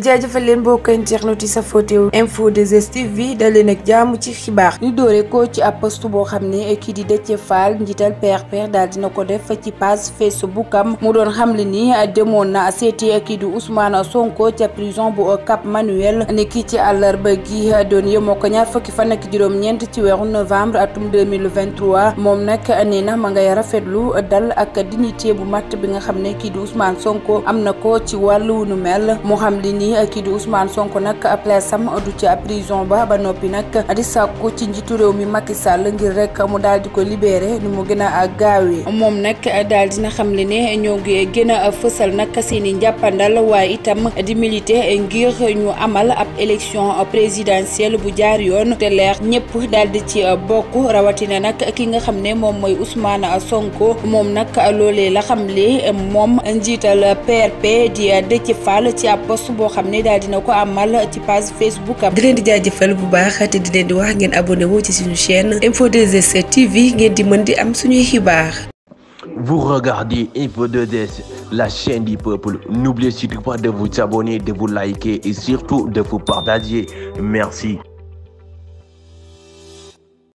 jaajëfal leen mbokk internet yi sa fotew info 2S TV daleen nag jàmm ci xibaax ñu doore ko ci ab post boo xam ne kii di Déthié Fall njiital PRP daal dina ko def ci page Facebook am mu doon xam xamle ni demoon na seeti kii di Ousmane Sonko ca prison bu Cap Manuel ne kii ci àllarba gi doon yemoo ko ñaar fukki fan nak juróom-ñeent ci weeru novembre atum 2023 moom nag nee na ma ngay rafetlu dal ak dignité bu matt bi nga xam ne kii di Ousmane Sonko am na ko ci wàllu nu mel ni eh, kii di Ousmane Sonko nag eh, place am du ca prison ba ba noppi nag eh, di sàkku ci njiitu réew mi Macky Sall ngir rek mu daal di ko libéré ni mu gën a gaawee moom nag daal dina xam le ne ñoo ngi gën a fësal nag seen i njàppandal waaye itam di militer ngir ñu amal ab élection présidentielle bu jaar yoon te leer ñëpp daal di ci bokk rawatina nag ki nga xam ne moom mooy Ousmane Sonko moom nag loole la xam le moom njiital PRP di Déthié Fall ci ab poste xamné dal dina ko amal ci page Facebook di len di jaajëfal bu baax te di leen di wax ngeen abonné wo ci suñu chaîne Info 2S TV ngeen di mën di am suñu xibaar. Vous regardez Info 2S, la chaîne du peuple. N'oubliez surtout pas de vous abonner, de vous liker et surtout de vous partager. Merci.